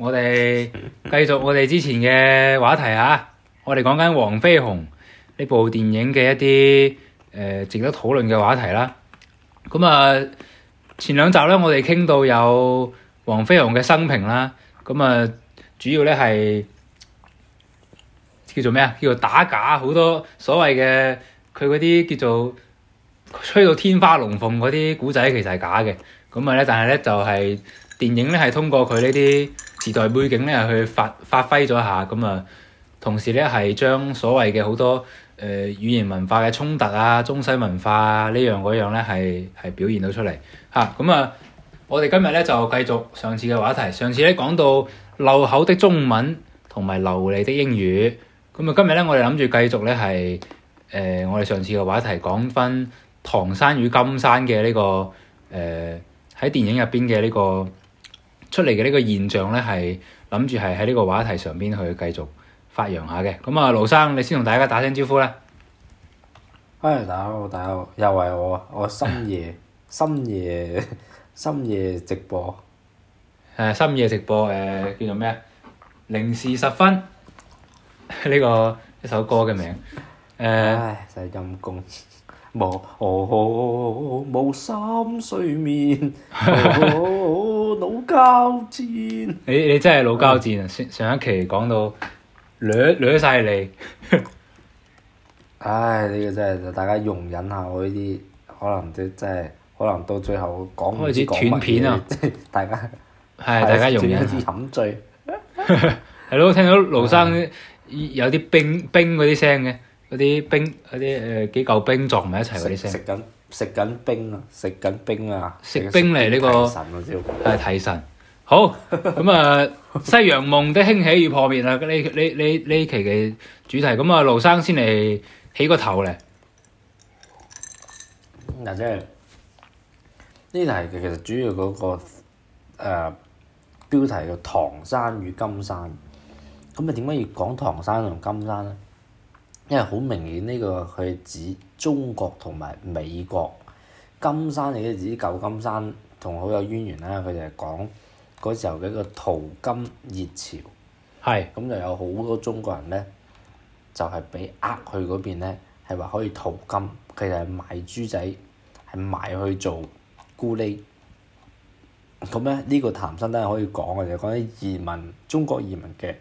我哋繼續我哋之前嘅話題啊，我哋講緊《黃飛鴻》呢部電影嘅一啲誒、呃、值得討論嘅話題啦。咁啊，前兩集咧，我哋傾到有黃飛鴻嘅生平啦。咁啊，主要咧係叫做咩啊？叫做打假，好多所謂嘅佢嗰啲叫做吹到天花龍鳳嗰啲古仔，其實係假嘅。咁啊咧，但係咧就係、是、電影咧係通過佢呢啲。時代背景咧，去發發揮咗下，咁啊，同時咧係將所謂嘅好多誒、呃、語言文化嘅衝突啊，中西文化啊，樣樣呢樣嗰樣咧係係表現到出嚟嚇。咁啊，我哋今日咧就繼續上次嘅話題，上次咧講到漏口的中文同埋流利的英語，咁啊今日咧我哋諗住繼續咧係誒我哋上次嘅話題講翻唐山與金山嘅呢、呢個誒喺、呃、電影入邊嘅呢個。出嚟嘅呢個現象呢，係諗住係喺呢個話題上邊去繼續發揚下嘅。咁、嗯、啊，勞生，你先同大家打聲招呼啦。歡迎大家，大家又係我，我深夜 深夜深夜直播。誒、啊，深夜直播誒、呃，叫做咩啊？零時十分呢 呢個一首歌嘅名。誒 唉，真係陰功。冇，我、哦哦、心睡眠，我、哦、交、哦、戰 你。你真係老交戰、嗯、上一期講到掠捋曬脷。唉，呢、 哎呢個真係大家容忍下我呢啲，可能都真係可能到最後講開始斷片啊！即係 大家係 大家容忍下。開始飲醉係咯，聽到勞生有啲冰冰嗰啲聲嘅。 嗰啲冰，嗰啲誒幾嚿冰撞埋一齊嗰啲聲，食緊食緊冰啊，食緊冰啊，食冰嚟呢個，係睇神啊！要係睇神。好咁啊，西洋夢的興起與破滅啊！呢呢呢呢期嘅主題，咁啊，勞生先嚟起個頭咧。嗱，即係呢題其實主要嗰個誒標題叫《唐山與金山》，咁啊，點解要講唐山同金山咧？因為好明顯呢個佢指中國同埋美國，金山亦都指舊金山，同好有淵源啦。佢就係講嗰時候嘅一個淘金熱潮，係咁是就有好多中國人咧，就係畀呃去嗰邊咧，係話可以淘金，佢就係賣豬仔，係賣去做咕喱。咁咧呢個譚生都係可以講嘅，就係、是、講啲移民中國移民嘅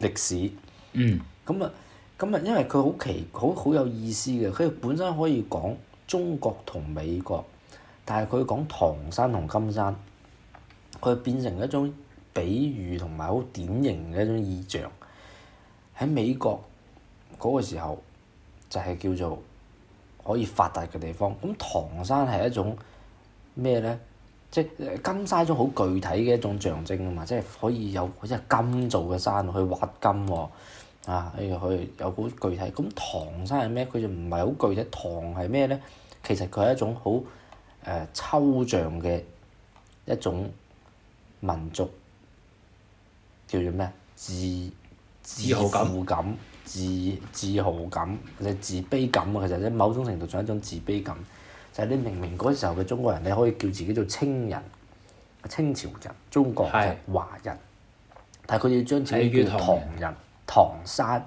歷史。嗯，咁啊～咁啊，因為佢好奇好好有意思嘅，佢本身可以講中國同美國，但係佢講唐山同金山，佢變成一種比喻同埋好典型嘅一種意象。喺美國嗰個時候就係叫做可以發達嘅地方。咁唐山係一種咩咧？即係金沙一種好具體嘅一種象徵啊嘛，即係可以有好似金做嘅山去挖金喎。啊！呢個佢有好具體。咁唐山係咩？佢就唔係好具體。唐係咩呢？其實佢係一種好誒、呃、抽象嘅一種民族叫做咩？自自豪感、自自豪感、嘅自卑感啊！其實咧，某種程度上係一種自卑感。就係、是、你明明嗰時候嘅中國人，你可以叫自己做清人、清朝人、中國人，華人，是但係佢要將自己叫做唐人。唐山，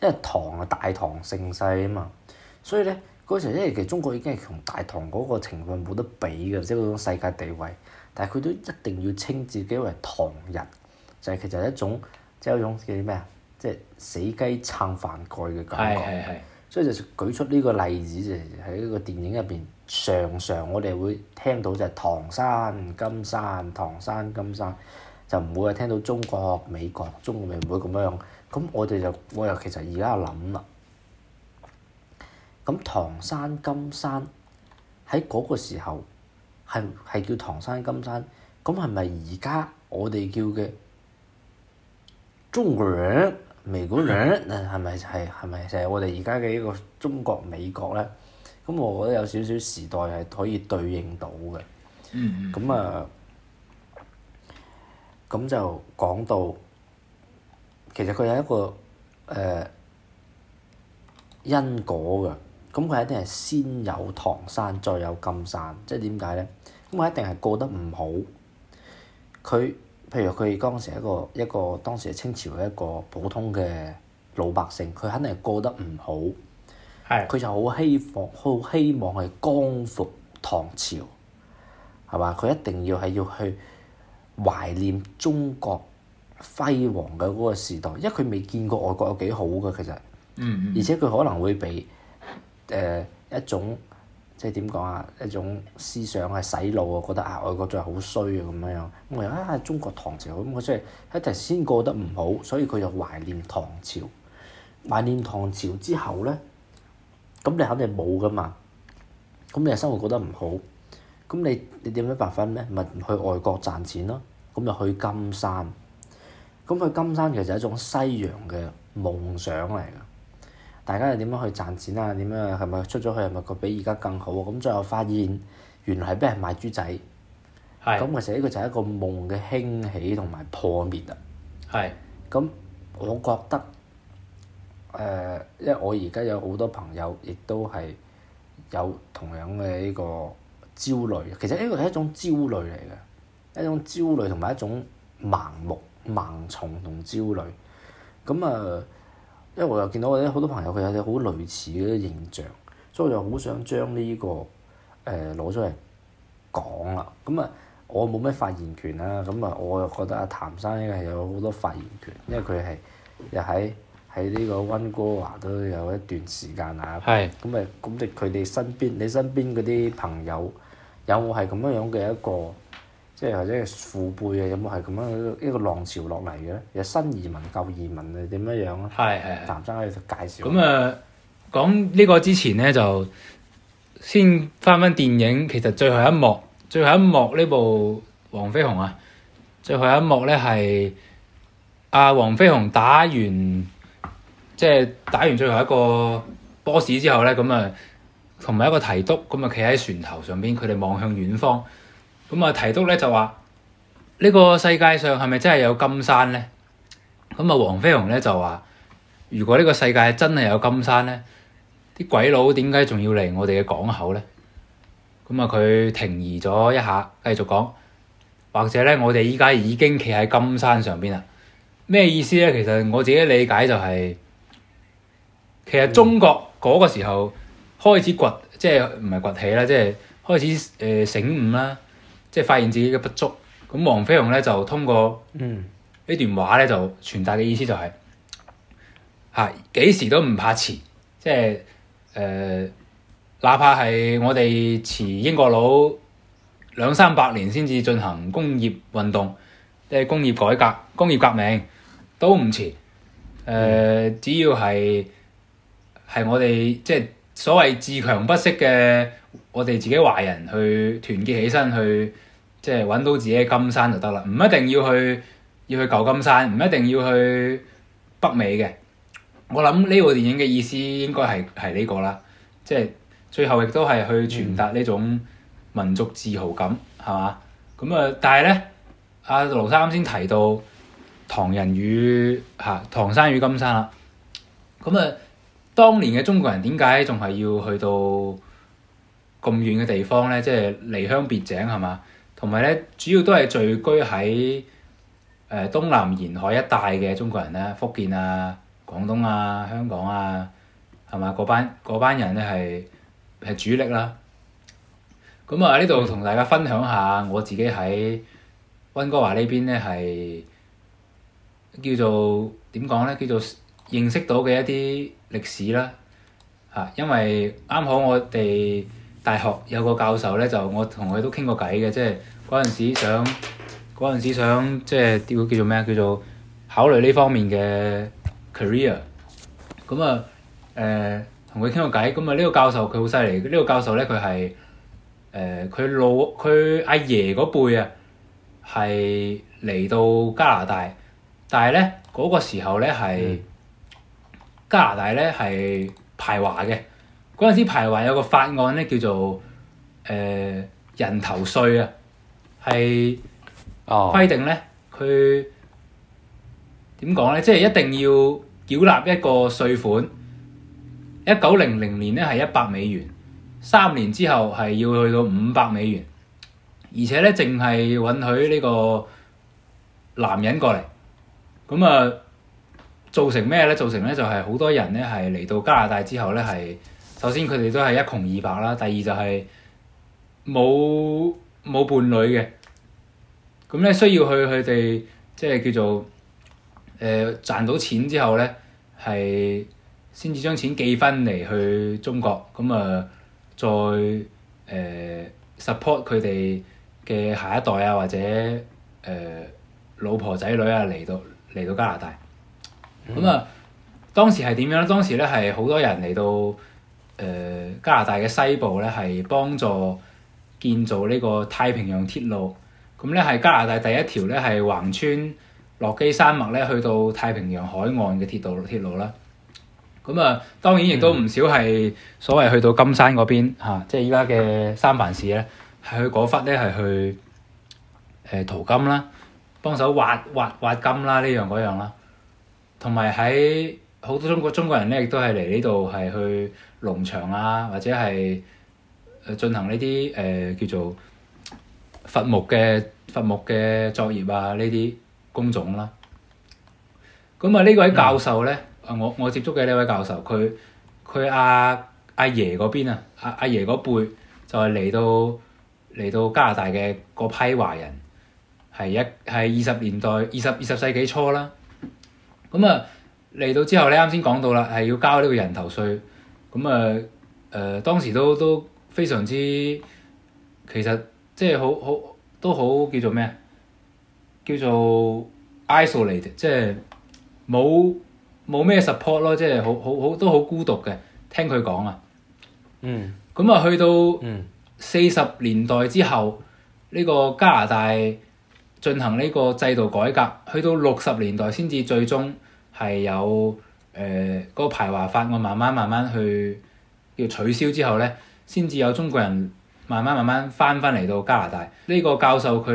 因為唐啊，大唐盛世啊嘛，所以咧，嗰時咧，因為其實中國已經係同大唐嗰個情況冇得比嘅，即係嗰種世界地位。但係佢都一定要稱自己為唐人，就係、係、其實一種即係、就係、一種叫咩啊，即係死雞撐飯蓋嘅感覺。係，係所以就舉出呢個例子，就喺呢個電影入邊，常常我哋會聽到就係唐山、金山、唐山、金山。就唔會係聽到中國、美國、中國，唔會咁樣。咁我哋就我又其實而家諗啦。咁唐山金山喺嗰個時候係係叫唐山金山，咁係咪而家我哋叫嘅中國人、美國人，係咪係係咪就係我哋而家嘅一個中國、美國咧？咁我覺得有少少時代係可以對應到嘅。咁啊～咁就講到，其實佢有一個誒、呃、因果嘅，咁佢一定係先有唐山，再有金山，即係點解咧？咁佢一定係過得唔好。佢譬如佢係當時一個一個當時清朝一個普通嘅老百姓，佢肯定係過得唔好。佢係。就好希望好希望係光復唐朝，係嘛？佢一定要係要去。懷念中國輝煌嘅嗰個時代，因為佢未見過外國有幾好嘅其實，嗯嗯嗯，而且佢可能會被誒、呃、一種即係點講啊，一種思想係洗腦啊，覺得啊外國真係好衰啊咁樣樣，我話啊，啊中國唐朝，咁我即係一陣先過得唔好，所以佢、嗯、就懷念唐朝。懷念唐朝之後咧，咁你肯定冇噶嘛，咁你生活過得唔好。咁你你點樣辦法咧？咪去外國賺錢咯。咁咪去金山。咁去金山其實係一種西洋嘅夢想嚟噶。大家又點樣去賺錢啊？點樣係咪出咗去係咪個比而家更好？咁最後發現原來係俾人賣豬仔。係。咁其實呢個就係一個夢嘅興起同埋破滅啊。係。咁我覺得誒，因為我而家有好多朋友，亦都係有同樣嘅呢個。焦慮，其實呢個係一種焦慮嚟嘅，一種焦慮同埋一種盲目、盲從同焦慮。咁啊，因為我又見到我啲好多朋友，佢有啲好類似嘅形象，所以我就好想將呢、這個誒攞、呃、出嚟講啦。咁啊，我冇咩發言權啊。咁啊，我又覺得阿譚生應該係有好多發言權，因為佢係又喺喺呢個溫哥華都有一段時間啊。係是。咁啊，咁你佢哋身邊，你身邊嗰啲朋友。有冇係咁樣嘅一個，即、就、係、是、或者父輩嘅、啊、有冇係咁樣一個浪潮落嚟嘅咧？有新移民舊移民係點樣樣咧？係係，男仔咧就介紹。咁啊、嗯，講呢個之前咧就先翻翻電影，其實最後一幕，最後一幕呢部《黃飛鴻》啊，最後一幕咧係阿黃飛鴻打完即係、就是、打完最後一個 boss 之後咧，咁、嗯、啊～、嗯同埋一個提督咁啊，企喺船頭上邊，佢哋望向遠方。咁啊，提督咧就話：呢個世界上係咪真係有金山咧？咁啊，黃飛鴻咧就話：如果呢個世界真係有金山咧，啲鬼佬點解仲要嚟我哋嘅港口咧？咁啊，佢停疑咗一下，繼續講。或者咧，我哋依家已經企喺金山上邊啦。咩意思咧？其實我自己理解就係，其實中國嗰個時候。嗯開始崛，即係唔係崛起啦，即係開始誒、呃、醒悟啦，即係發現自己嘅不足。咁黃飛鴻咧就通過呢段話咧，就傳達嘅意思就係嚇幾時都唔怕遲，即係誒、呃，哪怕係我哋遲英國佬兩三百年先至進行工業運動、即係工業改革、工業革命都唔遲。誒、呃，只要係係我哋即係。所謂自強不息嘅，我哋自己華人去團結起身，去即係揾到自己嘅金山就得啦，唔一定要去要去舊金山，唔一定要去北美嘅。我諗呢部電影嘅意思應該係係呢個啦，即係最後亦都係去傳達呢種民族自豪感，係嘛、嗯？咁啊，但係咧，阿勞生啱先提到唐人與嚇唐山與金山啦，咁啊。當年嘅中國人點解仲係要去到咁遠嘅地方呢？即係離鄉別井係嘛，同埋呢，主要都係聚居喺誒、呃、東南沿海一帶嘅中國人呢，福建啊、廣東啊、香港啊，係嘛，嗰班嗰班人呢係係主力啦。咁啊，呢度同大家分享下我自己喺溫哥華呢邊呢，係叫做點講呢？叫做認識到嘅一啲歷史啦，嚇、啊！因為啱好我哋大學有個教授呢，就我同佢都傾過偈嘅，即係嗰陣時想，嗰陣時想即係叫做咩啊？叫做考慮呢方面嘅 career。咁啊，誒同佢傾過偈，咁啊呢、這個教授佢好犀利，呢、這個教授呢，佢係誒佢老佢阿爺嗰輩啊，係嚟到加拿大，但係呢，嗰、那個時候呢，係、嗯。加拿大咧係排華嘅，嗰陣時排華有個法案咧叫做誒、呃、人頭稅啊，係規定咧佢點講咧，即係一定要繳納一個稅款。一九零零年咧係一百美元，三年之後係要去到五百美元，而且咧淨係允許呢個男人過嚟，咁啊。造成咩咧？造成咧就係好多人咧係嚟到加拿大之後咧係，首先佢哋都係一窮二白啦，第二就係冇冇伴侶嘅，咁咧需要去佢哋即係叫做誒、呃、賺到錢之後咧係先至將錢寄返嚟去中國，咁啊、呃、再誒、呃、support 佢哋嘅下一代啊或者誒、呃、老婆仔女啊嚟到嚟到加拿大。咁啊、嗯，當時係點樣咧？當時咧係好多人嚟到誒、呃、加拿大嘅西部咧，係幫助建造呢個太平洋鐵路。咁咧係加拿大第一條咧係橫穿落基山脈咧，去到太平洋海岸嘅鐵道鐵路啦。咁啊，當然亦都唔少係所謂去到金山嗰邊嚇、嗯啊，即係依家嘅三藩市咧，係去嗰忽咧係去誒、呃、淘金啦，幫手挖挖挖金啦，呢樣嗰樣啦。同埋喺好多中國中國人咧，亦都係嚟呢度係去農場啊，或者係進行呢啲誒叫做伐木嘅伐木嘅作業啊，呢啲工種啦。咁啊，呢位教授咧，啊、嗯、我我接觸嘅呢位教授，佢佢阿阿爺嗰邊啊，阿、啊、阿、啊、爺嗰輩就係嚟到嚟到加拿大嘅嗰批華人，係一係二十年代二十二十世紀初啦。咁啊，嚟、嗯、到之後咧，啱先講到啦，係要交呢個人頭稅。咁、嗯、啊，誒、呃、當時都都非常之，其實即係好好都好叫做咩啊？叫做 isolated，即係冇冇咩 support 咯，supp ort，即係好好好都好孤獨嘅。聽佢講啊，咁啊、嗯嗯嗯、去到四十年代之後，呢、呢個加拿大。進行呢個制度改革，去到六十年代先至最終係有誒嗰、呃嗰個排華法案，我慢慢慢慢去要取消之後咧，先至有中國人慢慢慢慢翻翻嚟到加拿大。呢、呢個教授佢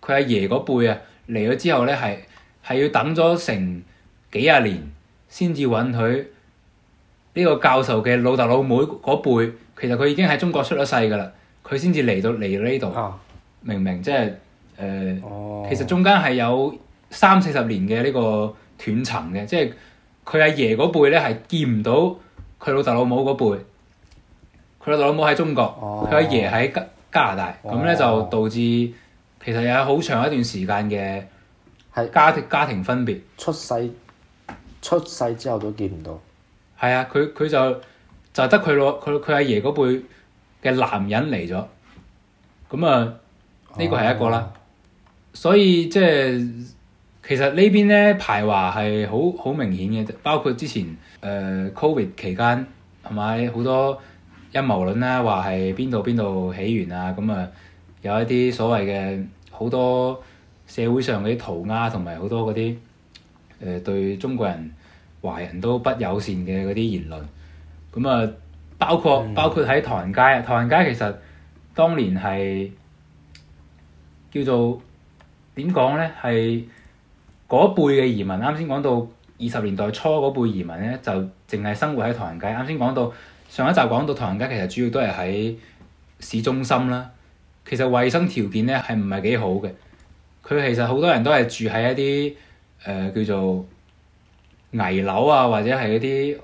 佢阿爺嗰輩啊，嚟咗之後咧，係係要等咗成幾廿年先至允許呢個教授嘅老豆老母嗰輩，其實佢已經喺中國出咗世噶啦，佢先至嚟到嚟到呢度。明明即係誒，呃 oh. 其實中間係有三四十年嘅呢個斷層嘅，即係佢阿爺嗰輩咧係見唔到佢老豆老母嗰輩，佢老豆老母喺中國，佢阿、oh. 爺喺加加拿大，咁咧、oh. 就導致其實有好長一段時間嘅係家庭、oh. 家庭分別出世出世之後都見唔到係啊！佢佢就就得佢攞佢佢阿爺嗰輩嘅男人嚟咗咁啊！呢個係一個啦，哦、所以即係、就是、其實呢邊咧排華係好好明顯嘅，包括之前誒、呃、Covid 期間係咪好多陰謀論啦話係邊度邊度起源啊？咁啊有一啲所謂嘅好多社會上嗰啲塗鴉同埋好多嗰啲誒對中國人華人都不友善嘅嗰啲言論，咁啊包括、嗯、包括喺唐人街啊，唐人街其實當年係。叫做點講呢？係嗰輩嘅移民，啱先講到二十年代初嗰輩移民呢，就淨係生活喺唐人街。啱先講到上一集講到唐人街，其實主要都係喺市中心啦。其實衞生條件呢，係唔係幾好嘅？佢其實好多人都係住喺一啲誒、呃、叫做危樓啊，或者係一啲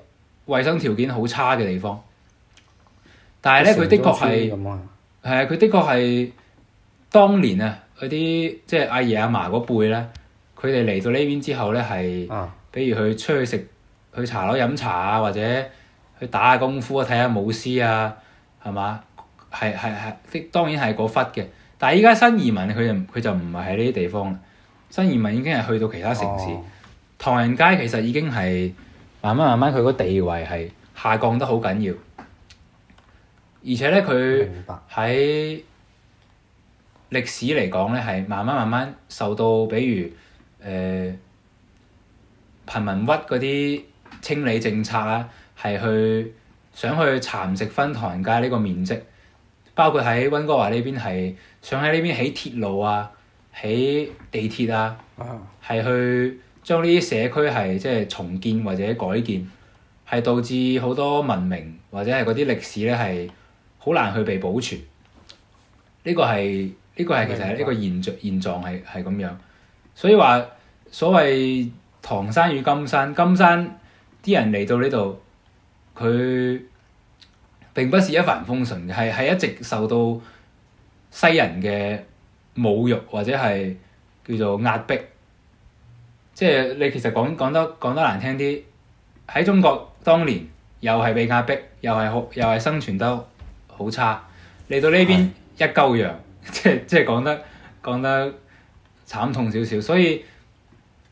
衞生條件好差嘅地方。但係呢，佢個的確係係啊！佢、嗯、的確係。當年啊，嗰啲即係阿爺阿嫲嗰輩咧，佢哋嚟到呢邊之後咧，係，比如去出去食，去茶樓飲茶啊，或者去打下功夫看看啊，睇下舞獅啊，係嘛？係係係，當然係嗰忽嘅。但係而家新移民佢就佢就唔係喺呢啲地方啦。新移民已經係去到其他城市。哦、唐人街其實已經係慢慢慢慢佢個地位係下降得好緊要，而且咧佢喺。白歷史嚟講呢係慢慢慢慢受到，比如誒、呃、貧民窟嗰啲清理政策、啊，係去想去蠶食分唐人街呢個面積，包括喺溫哥華呢邊係想喺呢邊起鐵路啊、起地鐵啊，係去將呢啲社區係即係重建或者改建，係導致好多文明或者係嗰啲歷史呢係好難去被保存。呢、呢個係。呢個係其實一個現象、現狀係係咁樣，所以話所謂唐山與金山，金山啲人嚟到呢度，佢並不是一帆風順嘅，係係一直受到西人嘅侮辱或者係叫做壓迫。即係你其實講講得講得難聽啲，喺中國當年又係被壓迫，又係好又係生存得好差，嚟到呢邊的一嚿羊。 即係即係講得講得慘痛少少，所以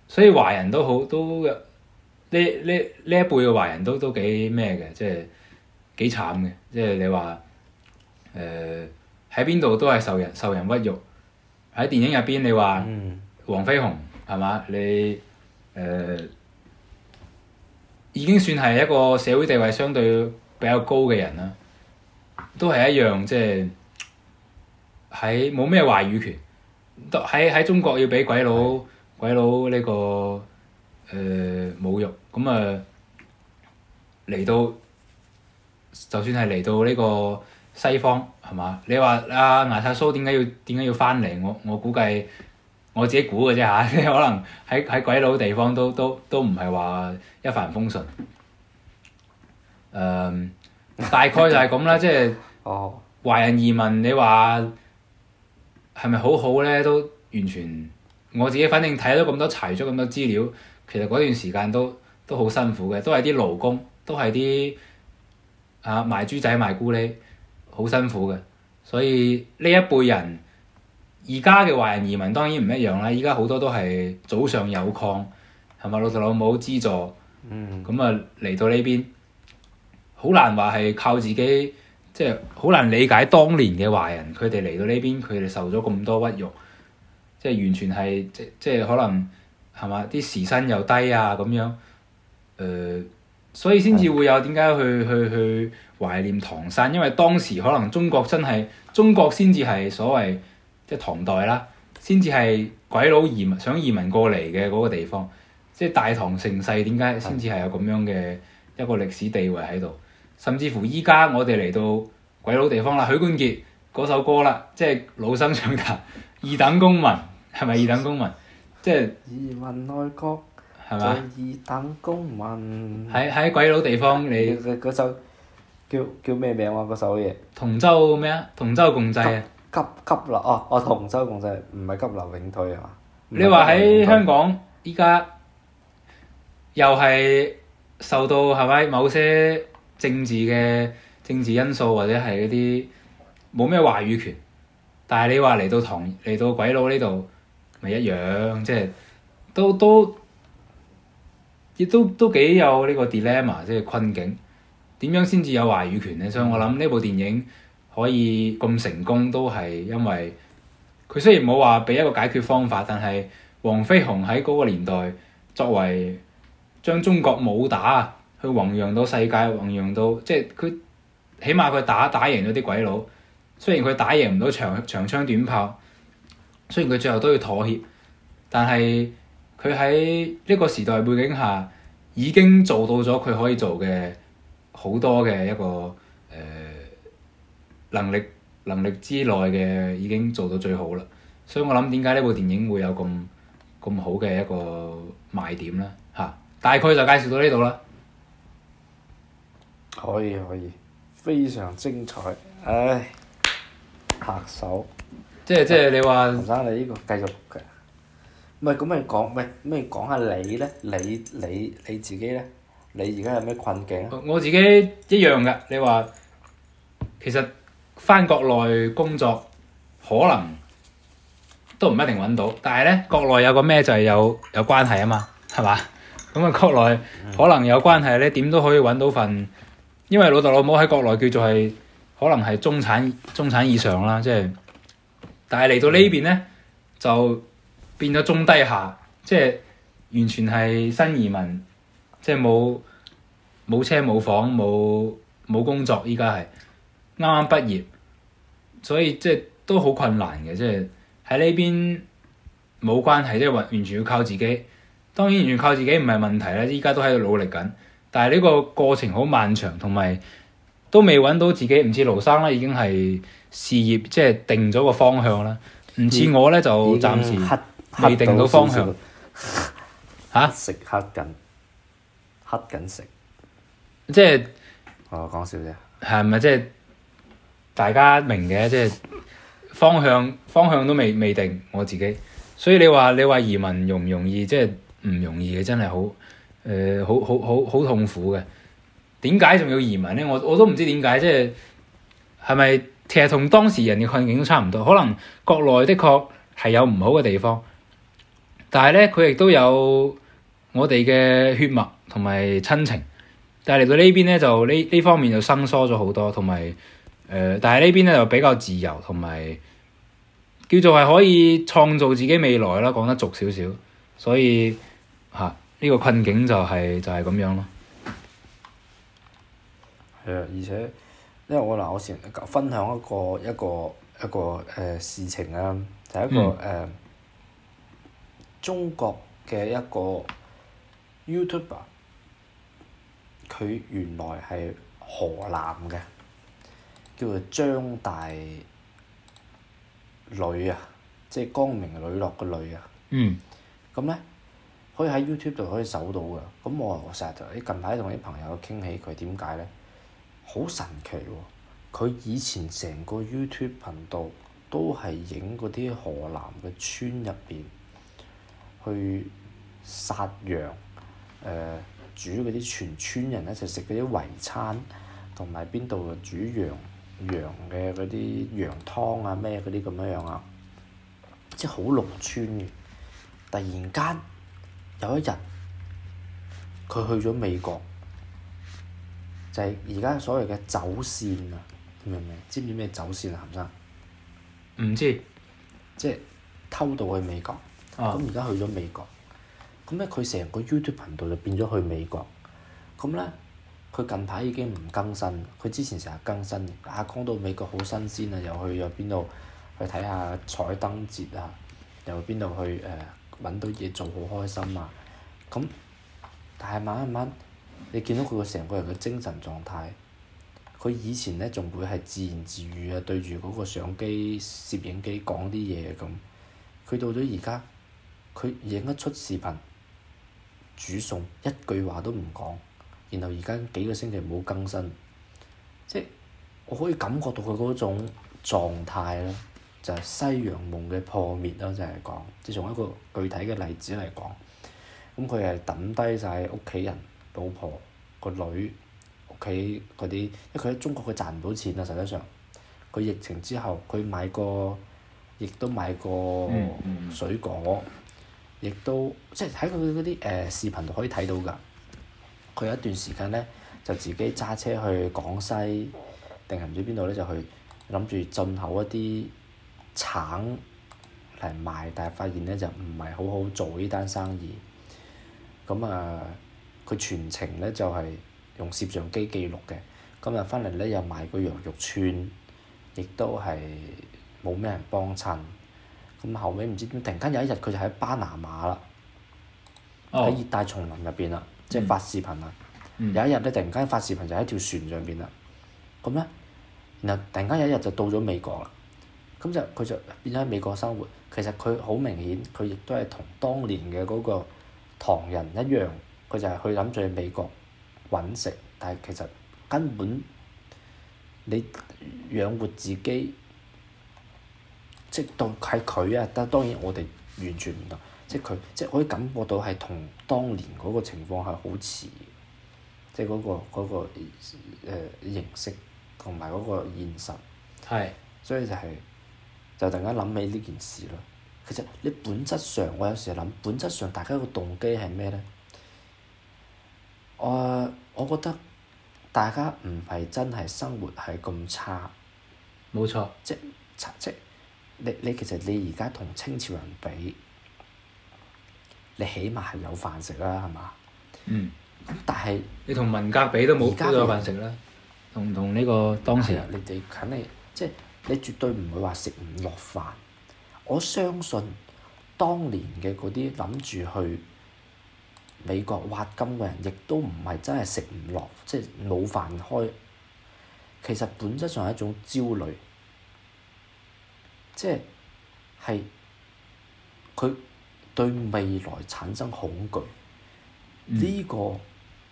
所以華人都好都呢呢呢一輩嘅華人都都幾咩嘅，即係幾慘嘅，即係你話誒喺邊度都係受人受人屈辱。喺電影入邊，嗯，你話黃飛鴻係嘛？你、呃、誒已經算係一個社會地位相對比較高嘅人啦，都係一樣即係。喺冇咩話語權，喺中國要畀鬼佬鬼佬呢個誒、呃、侮辱，咁啊嚟到就算係嚟到呢個西方係嘛？你話阿牙刷蘇點解要點解要翻嚟？我我估計我自己估嘅啫可能喺喺鬼佬地方都都都唔係話一帆風順。誒、呃，大概就係咁啦， 即係華人移民，你話？係咪好好咧？都完全我自己，反正睇咗咁多，查咗咁多資料，其實嗰段時間都都好辛苦嘅，都係啲勞工，都係啲啊賣豬仔賣咕喱，好辛苦嘅。所以呢一輩人而家嘅華人移民當然唔一樣啦。而家好多都係祖上有礦，係咪老豆老母資助？嗯，咁啊嚟到呢邊，好難話係靠自己。即係好難理解當年嘅華人，佢哋嚟到呢邊，佢哋受咗咁多屈辱，即係完全係即即係可能係嘛？啲時薪又低啊咁樣，誒、呃，所以先至會有點解去的去去，去懷念唐山，因為當時可能中國真係中國先至係所謂即係、就是、唐代啦，先至係鬼佬移民想移民過嚟嘅嗰個地方，即係大唐盛世，點解先至係有咁樣嘅一個歷史地位喺度？甚至乎依家我哋嚟到鬼佬地方啦，許冠傑嗰首歌啦，即係老生唱嘅，二等公民係咪二等公民？即係。移民內國。係嘛？二等公民。喺喺鬼佬地方你嗰首叫叫咩名啊？嗰首嘢同舟咩啊？同舟共濟啊！急急流哦，我同舟共濟唔係急流勇退係嘛？你話喺香港依家又係受到係咪某些政治嘅政治因素或者係嗰啲冇咩話語權。但係你話嚟到唐嚟到鬼佬呢度咪一樣，即係都都亦都都幾有呢個 dilemma，即係困境。點樣先至有話語權咧？所以我諗呢部電影可以咁成功，都係因為佢雖然冇話俾一個解決方法，但係黃飛鴻喺嗰個年代作為將中國武打。佢弘揚到世界，弘揚到即係佢起碼佢打打贏咗啲鬼佬，雖然佢打贏唔到長長槍短炮，雖然佢最後都要妥協，但係佢喺呢個時代背景下已經做到咗佢可以做嘅好多嘅一個誒、呃、能力能力之內嘅已經做到最好啦。所以我諗點解呢部電影會有咁咁好嘅一個賣點咧？吓、啊，大概就介紹到呢度啦。可以可以，非常精彩。唉，拍手。即係即係你話說，唔使你呢個繼續錄嘅。唔係咁咪講，唔係咩講下你咧？你你你自己咧？你而家有咩困境？我，我自己一樣㗎。你話其實返國內工作可能都唔一定揾到，但係咧國內有個咩就係有有關係啊嘛，係嘛？咁啊國內可能有關係咧，點都可以揾到份。因為老豆老母喺國內叫做係可能係中產中產以上啦，即係，但係嚟到呢邊咧就變咗中低下，即係完全係新移民，即係冇冇車冇房冇冇工作，依家係啱啱畢業，所以即係都好困難嘅，即係喺呢邊冇關係，即係完全要靠自己。當然完全靠自己唔係問題啦，依家都喺度努力緊。但係呢個過程好漫長，同埋都未揾到自己。唔似盧生咧，已經係事業即係定咗個方向啦。唔似我咧，就暫時未定到方向。吓，黑少少啊、食黑緊，黑緊食。即係我講笑啫，係咪、哦、即係大家明嘅？即係方向方向都未未定，我自己。所以你話你話移民容唔容易？即係唔容易嘅，真係好。誒、呃、好好好好痛苦嘅，點解仲要移民咧？我我都唔知點解，即係係咪其實同當時人嘅困境都差唔多。可能國內的確係有唔好嘅地方，但係咧佢亦都有我哋嘅血脈同埋親情。但係嚟到邊呢邊咧，就呢呢方面就生疏咗好多，同埋誒，但係呢邊咧就比較自由，同埋叫做係可以創造自己未來啦。講得俗少少，所以嚇。啊。呢個困境就係、是、就係、是、咁樣咯。係啊，而且，因為我嗱，我先分享一個一個一個誒、呃、事情啊，就係、是、一個誒、嗯呃、中國嘅一個 YouTuber，佢原來係河南嘅，叫做張大磊啊，即係光明磊落嘅磊啊。嗯。咁呢。可以喺 YouTube 度可以搜到嘅，咁我我成日同近排同啲朋友傾起佢點解呢？好神奇喎、啊！佢以前成個 YouTube 頻道都係影嗰啲河南嘅村入邊去殺羊，誒、呃、煮嗰啲全村人一齊食嗰啲圍餐，同埋邊度煮羊羊嘅嗰啲羊湯啊咩嗰啲咁樣樣啊，即係好農村嘅，突然間～有一日，佢去咗美國，就係而家所謂嘅走，走線啊，明唔明？知唔知咩走線啊，勞生？唔知。即係偷渡去美國，咁而家去咗美國，咁呢，佢成個 YouTube 頻道就變咗去美國，咁呢，佢近排已經唔更新，佢之前成日更新，啊講到美國好新鮮啊，又去咗邊度去睇下彩燈節啊，又去邊度去誒？呃揾到嘢做好開心嘛、啊？咁，但係晚慢慢，你見到佢個成個人嘅精神狀態，佢以前呢仲會係自言自語啊，對住嗰個相機、攝影機講啲嘢咁，佢到咗而家，佢影一出視頻，煮餸一句話都唔講，然後而家幾個星期冇更新，即係我可以感覺到佢嗰種狀態啦。就係西洋夢嘅破滅咯、啊，就係講，即係從一個具體嘅例子嚟講，咁佢係抌低晒屋企人、老婆、個女、屋企嗰啲，因為佢喺中國佢賺唔到錢啊，實際上，佢疫情之後佢買過，亦都買過水果，亦都即係喺佢嗰啲誒視頻度可以睇到㗎，佢有一段時間呢，就自己揸車去廣西定係唔知邊度呢，就去諗住進口一啲。橙嚟賣，但係發現呢就唔係好好做呢單生意。咁啊，佢、呃、全程呢就係、是、用攝像機記錄嘅。今日翻嚟呢，又賣個羊肉串，亦都係冇咩人幫襯。咁後尾唔知點，突然間有一日佢就喺巴拿馬啦，喺熱帶叢林入邊啦，即係發視頻啦。有一日呢，突然間發視頻就喺條船上邊啦，咁呢，然後突然間有一日就到咗美國啦。咁就佢就變咗喺美國生活，其實佢好明顯，佢亦都係同當年嘅嗰個唐人一樣，佢就係去諗住喺美國揾食，但係其實根本你養活自己，即係當係佢啊，但當然我哋完全唔同，即係佢即係可以感覺到係同當年嗰個情況係好似，即係嗰個嗰、嗰個、呃、形式同埋嗰個現實。係係，所以就係、係。就突然間諗起呢件事咯。其實你本質上，我有時諗，本質上大家個動機係咩咧？我、呃、我覺得大家唔係真係生活係咁差。冇錯。即即，即你你其實你而家同清朝人比，你起碼係有飯食啦，係嘛？嗯。但係，你同文革比都冇都有，有飯食啦。同唔同呢個當時，嗯、你哋肯定即係。你絕對唔會話食唔落飯，我相信當年嘅嗰啲諗住去美國挖金嘅人，亦都唔係真係食唔落，即係冇飯開。其實本質上係一種焦慮，即係係佢對未來產生恐懼，嗯、呢個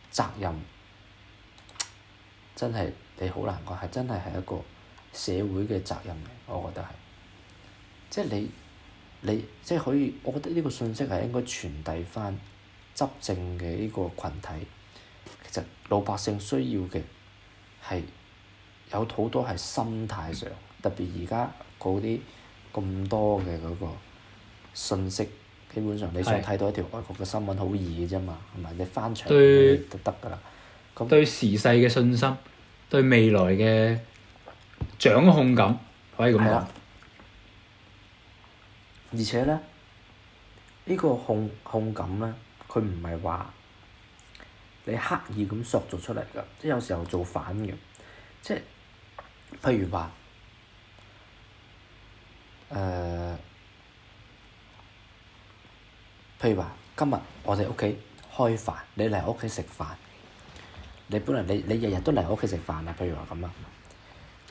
責任真係你好難講，係真係係一個社會嘅責任嘅，我覺得係，即係你，你即係可以，我覺得呢個信息係應該傳遞翻執政嘅呢個群體，其實老百姓需要嘅係有好多係心態上，嗯、特別而家嗰啲咁多嘅嗰個信息，基本上你想睇到一條外國嘅新聞好易嘅啫嘛，係咪是？你翻長嘅對就得㗎啦。咁對，那對時勢嘅信心，對未來嘅。掌控感可以咁講，而且呢，呢、呢個控控感呢，佢唔係話你刻意咁塑造出嚟㗎，即係有時候做反嘅，即係譬如話，誒，譬如話、呃，今日我哋屋企開飯，你嚟我屋企食飯，你本來你你日日都嚟我屋企食飯啊，譬如話咁啊。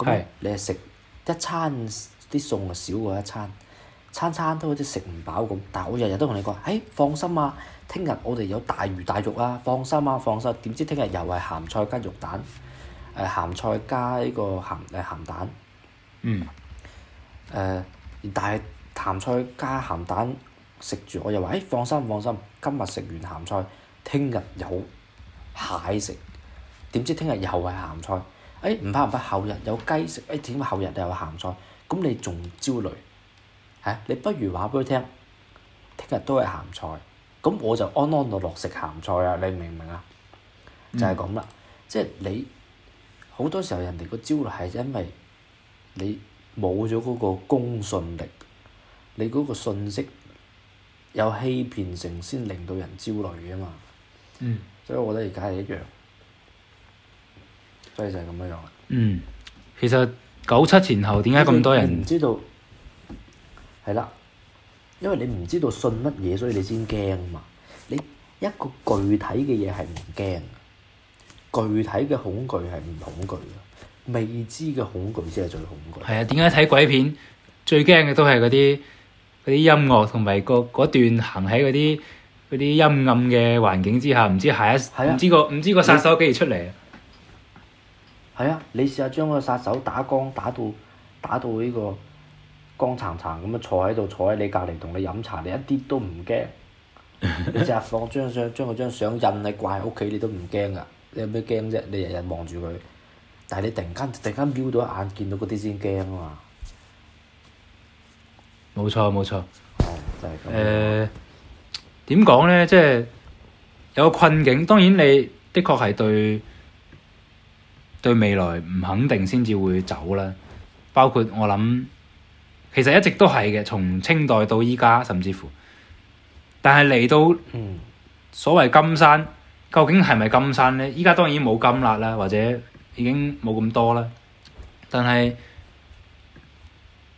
咁你係食一餐啲餸就少過一餐，餐餐都好似食唔飽咁。但係我日日都同你講，誒、欸、放心啊，聽日我哋有大魚大肉啊，放心啊，放心、啊。點知聽日又係鹹菜加肉蛋，誒、呃、鹹菜加呢個鹹誒鹹蛋。嗯。呃、但係鹹菜加鹹蛋食住，我又話誒、欸、放心放心，今日食完鹹菜，聽日有蟹食。點知聽日又係鹹菜。誒唔、哎、怕唔怕，後日有雞食，誒點解後日又有鹹菜？咁你仲焦慮、啊、你不如話畀佢聽，聽日都係鹹菜，咁我就安安樂樂食鹹菜啊！你明唔明啊？就係咁啦，嗯、即係你好多時候人哋個焦慮係因為你冇咗嗰個公信力，你嗰個信息有欺騙性先令到人焦慮嘅嘛。嗯、所以我覺得而家係一樣。所以就係咁樣樣。嗯，其實九七前後點解咁多人唔知道？係啦，因為你唔知道信乜嘢，所以你先驚嘛。你一個具體嘅嘢係唔驚，具體嘅恐懼係唔恐懼嘅，未知嘅恐懼先係最恐懼。係啊，點解睇鬼片最驚嘅都係嗰啲啲音樂同埋嗰嗰段行喺嗰啲嗰啲陰暗嘅環境之下，唔知下一唔的知個唔你 知個殺手幾時出嚟。係啊，你試下將嗰個殺手打光，打到打到呢個光殘殘咁啊，坐喺度坐喺你隔籬同你飲茶，你一啲都唔驚。 你試下放張相，將佢張相印啊掛喺屋企，你都唔驚噶。你有咩驚啫？你日日望住佢，但係你突然間突然間瞄到一眼，見到嗰啲先驚啊嘛。冇錯，冇錯。哦，就係噉。誒點講咧？即係有困境。當然，你的確係對。對未來唔肯定先至會走啦，包括我諗，其實一直都係嘅，從清代到而家，甚至乎，但係嚟到所謂金山，究竟係咪金山呢？而家當然冇金啦，或者已經冇咁多啦，但係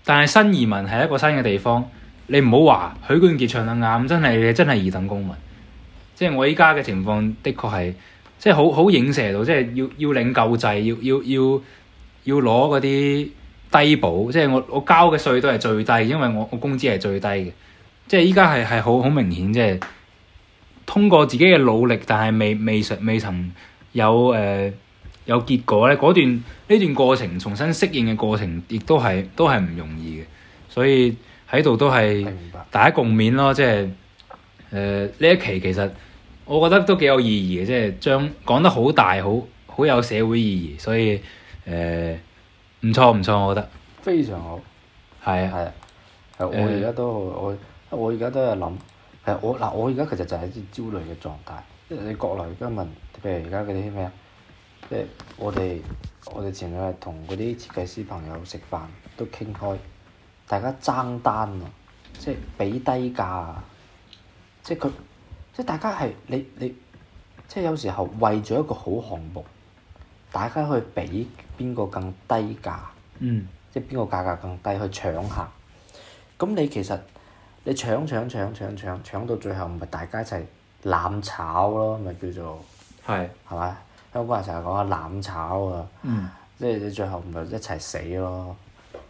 但係新移民係一個新嘅地方，你唔好話許冠傑唱得啱，真係真係二等公民，即係我而家嘅情況，的確係。即係好好影射到，即係要要領救濟，要要要要攞嗰啲低保，即係我我交嘅稅都係最低，因為我我工資係最低嘅。即係依家係係好好明顯，即係通過自己嘅努力，但係未未實未，未曾有誒、呃、有結果咧。嗰段呢段過程重新適應嘅過程，亦都係都係唔容易嘅。所以喺度都係大家共勉咯，即係誒呢一期其實。我覺得都幾有意義嘅，即係將講得好大，好好有社會意義，所以誒唔錯唔錯，我覺得非常好。係啊係啊，我而家都我我而家都係諗，係我嗱我而家其實就係一啲焦慮嘅狀態。你國內而家問譬如而家嗰啲咩啊，即係我哋我哋前兩日同嗰啲設計師朋友食飯都傾開，大家爭單啊，即係俾低價啊，即係佢。即大家係你你，即有時候為咗一個好項目，大家去比邊個更低價，嗯、即係邊個價格更低去搶下。咁你其實你搶搶搶搶搶搶到最後，咪大家一齊攬炒咯，咪叫做係係嘛？香港人成日講啊，攬炒啊，即你最後咪一齊死咯。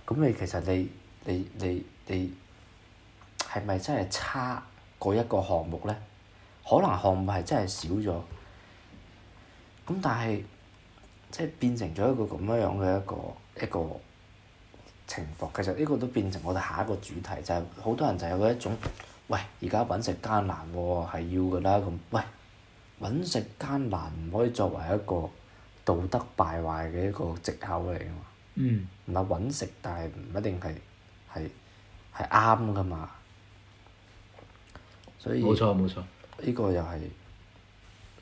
咁你其實你你你你係咪真係差嗰一個項目呢？可能項目係真係少咗，咁但係即係變成咗一個咁樣樣嘅一個一個情況。其實呢個都變成我哋下一個主題，就係好多人就係嗰一種，喂，而家揾食艱難喎，係要㗎啦。咁，喂，揾食艱難唔可以作為一個道德敗壞嘅一個藉口嚟㗎嘛？嗯。唔係揾食，但係唔一定係係係啱㗎嘛？所以。冇錯，冇錯。呢個又係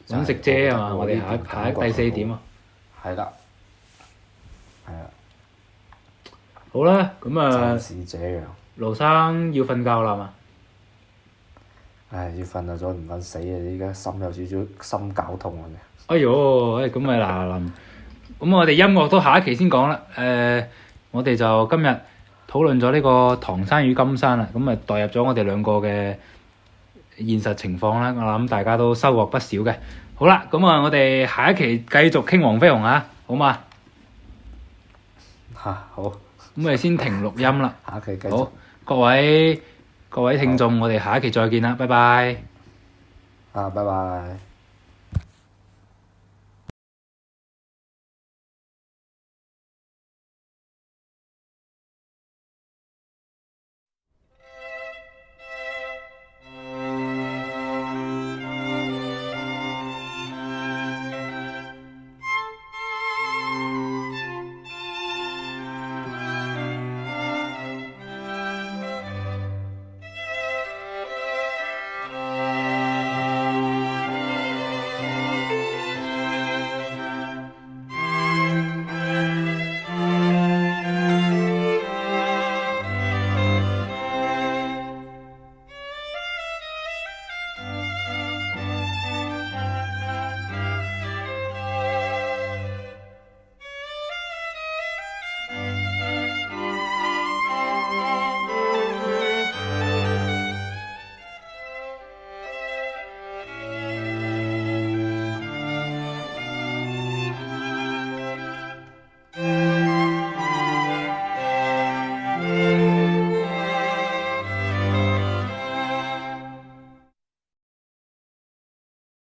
想食啫啊！我哋下一下，一下一第四點啊，係啦，係啊，好啦，咁啊，是、嗯、這樣。勞生要瞓覺啦嘛？唉，要瞓啊，再唔瞓死啊！而家心有少少心絞痛啊！哎呦，哎，咁咪嗱嗱臨，咁我哋音樂都下一期先講啦。誒、呃，我哋就今日討論咗呢個唐山與金山啦。咁啊，代入咗我哋兩個嘅。現實情況呢，我諗大家都收穫不少嘅。好啦，咁啊，我哋下一期繼續傾黃飛鴻啊，好嗎？嚇、啊，好。咁我哋先停錄音啦，下一期繼續。各位、各位聽眾，好我哋下一期再見啦，拜拜。啊，拜拜。